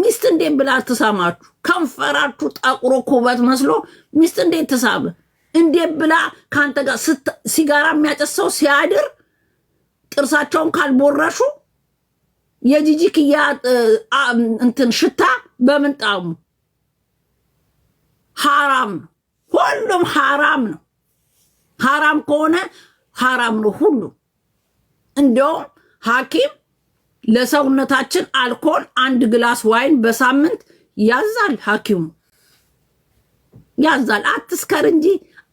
ሚስት እንዴት ብላ ትሳማችሁ? ከንፈራችሁ ጠቁሮ ኩበት መስሎ ሚስት እንዴት ትሳብ? እንዴት ብላ ከአንተ ጋር ሲጋራ የሚያጨሰው ሲያድር ጥርሳቸውን ካልቦረሹ የጂጂ ክያ እንትን ሽታ በምንጣሙ ሀራም ነው። ሁሉም ሀራም ነው። ሀራም ከሆነ ሀራም ነው ሁሉም። እንዲውም ሐኪም ለሰውነታችን አልኮል አንድ ግላስ ዋይን በሳምንት ያዛል። ሐኪሙ ያዛል። አትስከር እንጂ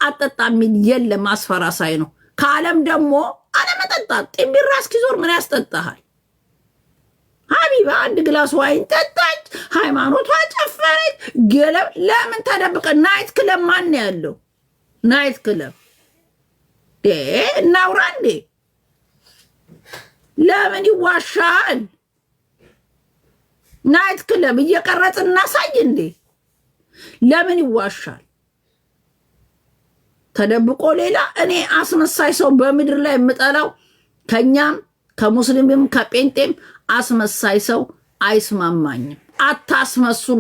አጠጣ የሚል የለም። አስፈራሳይ ነው። ከዓለም ደግሞ አለመጠጣ ጢምቢራ እስኪዞር ምን ያስጠጣሃል? ሀቢባ አንድ ግላስ ዋይን ጠጣች፣ ሃይማኖቷ ጨፈረች። ገለም ለምን ተደብቀ? ናይት ክለብ ማን ያለው ናይት ክለብ እናውራ እንዴ? ለምን ይዋሻል? ናይት ክለብ እየቀረጽ እናሳይ እንዴ? ለምን ይዋሻል? ተደብቆ ሌላ። እኔ አስመሳይ ሰው በምድር ላይ የምጠላው ከኛም ከሙስሊምም ከጴንጤም አስመሳይ ሰው አይስማማኝም። አታስመስሉ።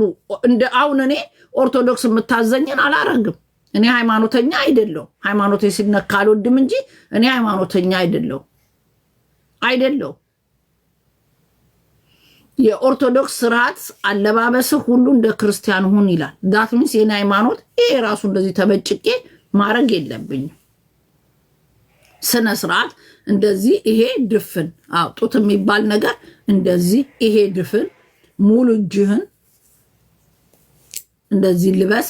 እንደ አሁን እኔ ኦርቶዶክስ የምታዘኝን አላረግም። እኔ ሃይማኖተኛ አይደለሁም። ሃይማኖቴ ሲነካ አልወድም እንጂ እኔ ሃይማኖተኛ አይደለሁም። አይደለው። የኦርቶዶክስ ስርዓት አለባበስህ ሁሉ እንደ ክርስቲያን ሁን ይላል። ዳትሚስ የኔ ሃይማኖት ይሄ የራሱ እንደዚህ ተበጭቄ ማድረግ የለብኝም። ስነ ስርዓት እንደዚህ ይሄ ድፍን አውጡት የሚባል ነገር እንደዚህ ይሄ ድፍን ሙሉ እጅህን እንደዚህ ልበስ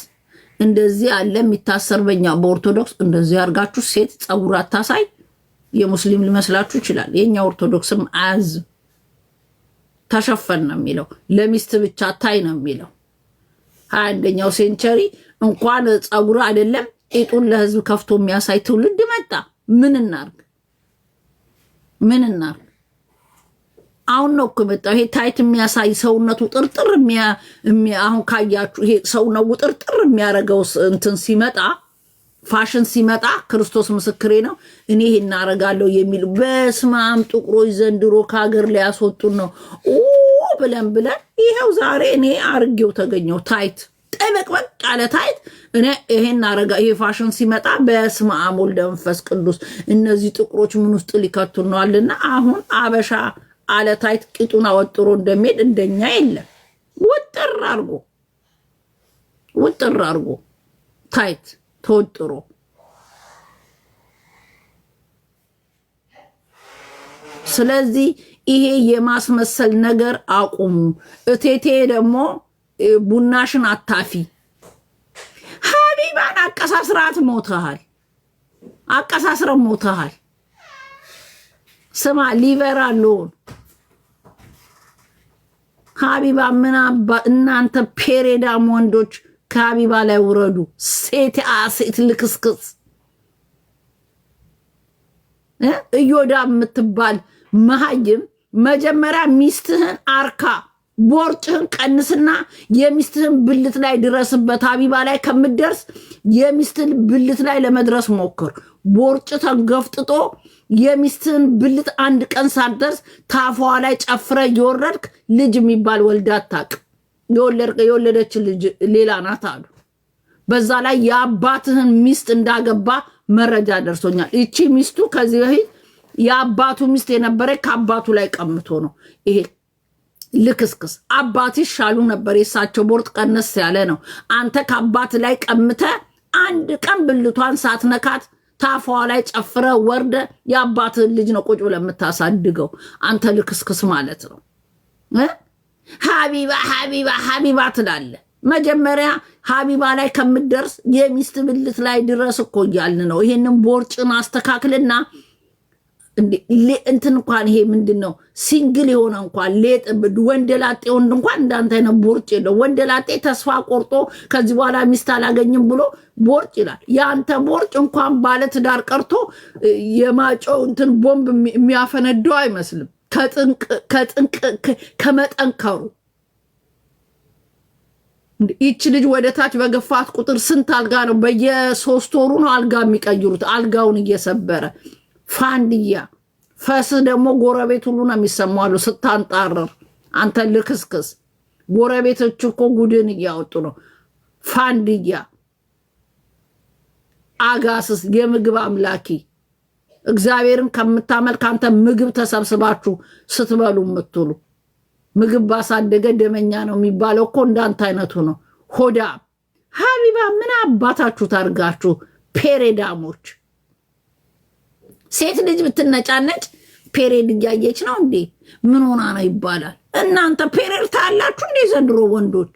እንደዚህ አለ የሚታሰር በኛ በኦርቶዶክስ እንደዚህ አድርጋችሁ ሴት ፀጉር አታሳይ የሙስሊም ሊመስላችሁ ይችላል። የኛ ኦርቶዶክስም አዝ ተሸፈን ነው የሚለው፣ ለሚስት ብቻ ታይ ነው የሚለው። ሀያ አንደኛው ሴንቸሪ እንኳን ፀጉር አይደለም ጤጡን ለህዝብ ከፍቶ የሚያሳይ ትውልድ መጣ። ምን እናርግ? ምን እናርግ? አሁን ነው እኮ የመጣው ይሄ ታይት የሚያሳይ ሰውነቱ ጥርጥር አሁን ካያችሁ ይሄ ሰውነው ጥርጥር የሚያደርገው እንትን ሲመጣ ፋሽን ሲመጣ ክርስቶስ ምስክሬ ነው። እኔ እናረጋለው እናደርጋለሁ የሚል በስማም ጥቁሮች ዘንድሮ ከሀገር ሊያስወጡን ነው ብለን ብለን ይኸው ዛሬ እኔ አርጌው ተገኘው ታይት በቅ ያለ ታይት እኔ ይሄን ይሄ ፋሽን ሲመጣ በስመ አብ ቅዱስ እነዚህ ጥቁሮች ምን ውስጥ ሊከቱን ነው አልና አሁን አበሻ አለ ታይት ቂጡን አወጥሮ እንደሚሄድ እንደኛ የለም። ውጥር አርጎ ውጥር አርጎ ታይት ተወጥሮ ስለዚህ ይሄ የማስመሰል ነገር አቁሙ። እቴቴ ደግሞ ቡናሽን አታፊ። ሀቢባን አቀሳስራት ሞተሃል፣ አቀሳስረ ሞተሃል። ስማ ሊቨር አለውን ሀቢባ ምናባ እናንተ ፔሬዳም ወንዶች ከአቢባ ላይ ውረዱ። ሴት ሴት ልክስክስ እዮዳ የምትባል መሀይም መጀመሪያ ሚስትህን አርካ ቦርጭህን ቀንስና የሚስትህን ብልት ላይ ድረስበት። አቢባ ላይ ከምደርስ የሚስትህን ብልት ላይ ለመድረስ ሞክር። ቦርጭ ተንገፍጥጦ የሚስትህን ብልት አንድ ቀን ሳትደርስ ታፏ ላይ ጨፍረ እየወረድክ ልጅ የሚባል ወልዳ አታውቅም። የወለደችን ልጅ ሌላ ናት አሉ። በዛ ላይ የአባትህን ሚስት እንዳገባ መረጃ ደርሶኛል። ይቺ ሚስቱ ከዚህ በፊት የአባቱ ሚስት የነበረ ከአባቱ ላይ ቀምቶ ነው። ይሄ ልክስክስ አባት ሻሉ ነበር። የእሳቸው ቦርጥ ቀነስ ያለ ነው። አንተ ከአባት ላይ ቀምተ አንድ ቀን ብልቷን ሳትነካት ታፏ ላይ ጨፍረ ወርደ የአባትህን ልጅ ነው ቁጭ ብለህ የምታሳድገው አንተ ልክስክስ ማለት ነው። ሀቢባ ሀቢባ ሀቢባ ትላለ። መጀመሪያ ሀቢባ ላይ ከምደርስ የሚስት ብልት ላይ ድረስ እኮ እያልን ነው። ይሄንን ቦርጭን አስተካክልና እንትን እንኳን ይሄ ምንድን ነው ሲንግል የሆነ እንኳን ሌጥ ወንደላጤ ወንድ እንኳን እንዳንተ አይነት ቦርጭ የለው። ወንደላጤ ተስፋ ቆርጦ ከዚህ በኋላ ሚስት አላገኝም ብሎ ቦርጭ ይላል። የአንተ ቦርጭ እንኳን ባለትዳር ቀርቶ የማጮው እንትን ቦምብ የሚያፈነደው አይመስልም። ከመጠንከሩ ይቺ ልጅ ወደ ታች በገፋት ቁጥር ስንት አልጋ ነው? በየሶስት ወሩ ነው አልጋ የሚቀይሩት። አልጋውን እየሰበረ ፋንድያ ፈስ ደግሞ ጎረቤት ሁሉ ነው የሚሰማሉ። ስታንጣረር አንተ ልክስክስ ጎረቤቶች እኮ ጉድን እያወጡ ነው። ፋንድያ አጋስስ የምግብ አምላኪ እግዚአብሔርን ከምታመልክ አንተ ምግብ ተሰብስባችሁ ስትበሉ የምትሉ ምግብ ባሳደገ ደመኛ ነው የሚባለው እኮ እንዳንተ አይነቱ ነው። ሆዳ ሀቢባ ምን አባታችሁ ታርጋችሁ ፔሬዳሞች። ሴት ልጅ ብትነጫነጭ ፔሬድ እያየች ነው እንዴ? ምን ሆና ነው ይባላል። እናንተ ፔሬድ ታላችሁ እንዴ? ዘንድሮ ወንዶች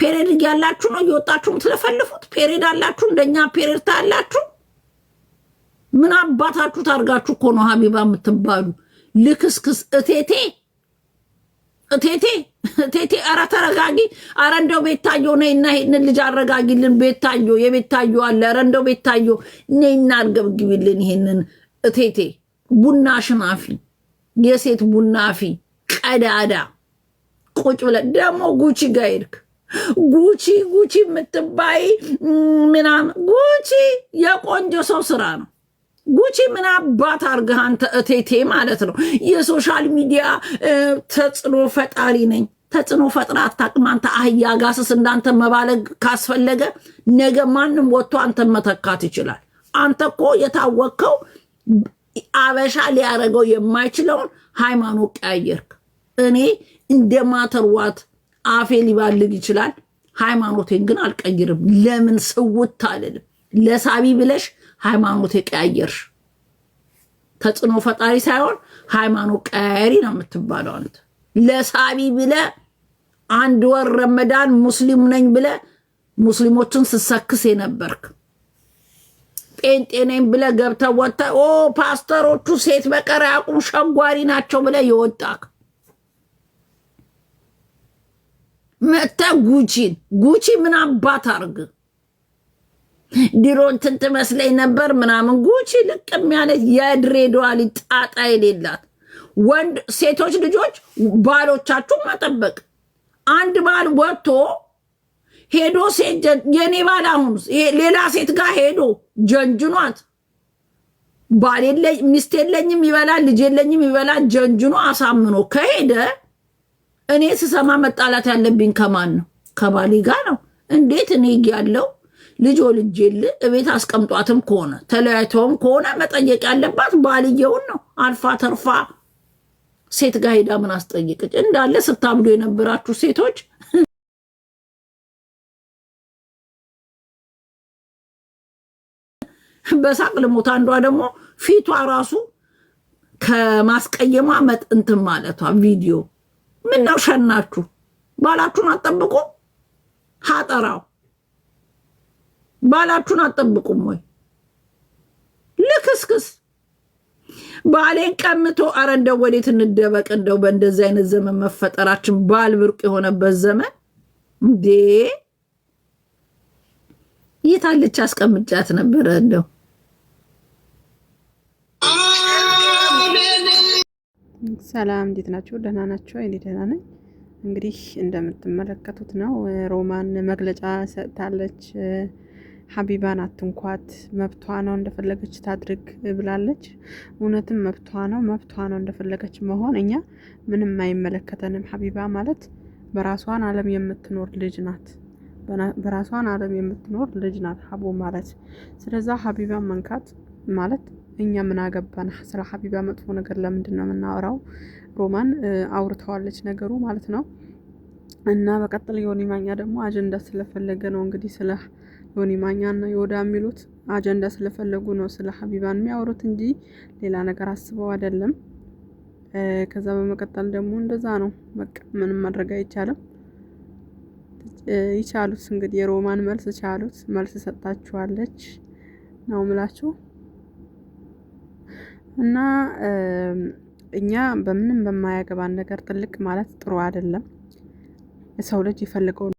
ፔሬድ እያላችሁ ነው እየወጣችሁ የምትለፈልፉት። ፔሬድ አላችሁ እንደኛ ፔሬድ ታላችሁ? ምን አባታችሁ ታርጋችሁ እኮ ነው ሀቢባ የምትባሉ? ልክስክስ እቴቴ እቴቴ እቴቴ። አረ ተረጋጊ። አረ እንደው ቤታዮ ነይና ይሄንን ልጅ አረጋጊልን። ቤታዮ የቤታዮ አለ። አረ እንደው ቤታዮ ነይና አርገብግቢልን ይሄንን እቴቴ። ቡና ሽናፊ፣ የሴት ቡናፊ ቀዳዳ። ቁጭ ብለ ደግሞ ጉቺ ጋር ሄድክ ጉቺ ጉቺ የምትባይ ምናምን ጉቺ የቆንጆ ሰው ስራ ነው። ጉቺ ምን አባት አርገህ አንተ እቴቴ ማለት ነው። የሶሻል ሚዲያ ተጽዕኖ ፈጣሪ ነኝ። ተጽዕኖ ፈጥራ አታውቅም አንተ አህያ ጋስስ። እንዳንተ መባለግ ካስፈለገ ነገ ማንም ወጥቶ አንተን መተካት ይችላል። አንተ እኮ የታወቅከው አበሻ ሊያደርገው የማይችለውን ሃይማኖት ቀያየርክ። እኔ እንደ ማተርዋት አፌ ሊባልግ ይችላል፣ ሃይማኖቴን ግን አልቀይርም። ለምን ስውት አልልም። ለሳቢ ብለሽ ሃይማኖት የቀያየርሽ ተጽዕኖ ፈጣሪ ሳይሆን ሃይማኖት ቀያሪ ነው የምትባለው። አንተ ለሳቢ ብለ አንድ ወር ረመዳን ሙስሊም ነኝ ብለ ሙስሊሞችን ስሰክስ የነበርክ ጴንጤ ነኝ ብለ ገብተ ወጥተ ኦ ፓስተሮቹ ሴት በቀር ያቁም ሸንጓሪ ናቸው ብለ የወጣክ መተ ጉቺን ጉቺ ምን አባት አርግ ድሮ እንትን ትመስለኝ ነበር ምናምን ጉቺ ልቅም ያለች የድሬዳዋ ሊጣጣ የሌላት ወንድ ሴቶች ልጆች ባሎቻችሁ መጠበቅ አንድ ባል ወጥቶ ሄዶ ሴት የኔ ባል አሁን ሌላ ሴት ጋር ሄዶ ጀንጅኗት ባል ሚስት የለኝም ይበላል ልጅ የለኝም ይበላል ጀንጅኖ አሳምኖ ከሄደ እኔ ስሰማ መጣላት ያለብኝ ከማን ነው? ከባሌ ጋር ነው። እንዴት እኔ ያለው ልጅ ወልጄልህ እቤት አስቀምጧትም ከሆነ ተለያይተውም ከሆነ መጠየቅ ያለባት ባልየውን ነው። አልፋ ተርፋ ሴት ጋር ሄዳ ምን አስጠይቅች? እንዳለ ስታብዱ የነበራችሁ ሴቶች በሳቅ ልሞት። አንዷ ደግሞ ፊቷ ራሱ ከማስቀየሟ መጥንትን ማለቷ ቪዲዮ ምን ነው ሸናችሁ? ባላችሁን አጠብቁ ሀጠራው ባላችሁን አጠብቁም ወይ? ልክስክስ ባሌን ቀምቶ አረ እንደው ወዴት እንደበቅ እንደው በእንደዚ አይነት ዘመን መፈጠራችን ባል ብርቅ የሆነበት ዘመን እንዴ! የታለች አስቀምጫት ነበረ እንደው ሰላም እንዴት ናችሁ? ደህና ናቸው። እኔ ደህና ነኝ። እንግዲህ እንደምትመለከቱት ነው ሮማን መግለጫ ሰጥታለች። ሀቢባን አትንኳት፣ መብቷ ነው እንደፈለገች ታድርግ ብላለች። እውነትም መብቷ ነው፣ መብቷ ነው እንደፈለገች መሆን። እኛ ምንም አይመለከተንም። ሀቢባ ማለት በራሷን ዓለም የምትኖር ልጅ ናት። በራሷን ዓለም የምትኖር ልጅ ናት ሀቦ ማለት። ስለዛ ሀቢባን መንካት ማለት እኛ ምን አገባን? ስለ ሀቢባ መጥፎ ነገር ለምንድን ነው የምናወራው? ሮማን አውርተዋለች ነገሩ ማለት ነው። እና በቀጥል የሆነ ማኛ ደግሞ አጀንዳ ስለፈለገ ነው እንግዲህ ስለ ዮኒ ማኛና ዮዳ የሚሉት አጀንዳ ስለፈለጉ ነው ስለ ሀቢባን የሚያወሩት እንጂ ሌላ ነገር አስበው አይደለም። ከዛ በመቀጠል ደግሞ እንደዛ ነው በቃ ምንም ማድረግ አይቻልም። ይቻሉት እንግዲህ የሮማን መልስ ቻሉት መልስ ሰጣችኋለች ነው ምላችሁ እና እኛ በምንም በማያገባን ነገር ትልቅ ማለት ጥሩ አይደለም። የሰው ልጅ ይፈልገው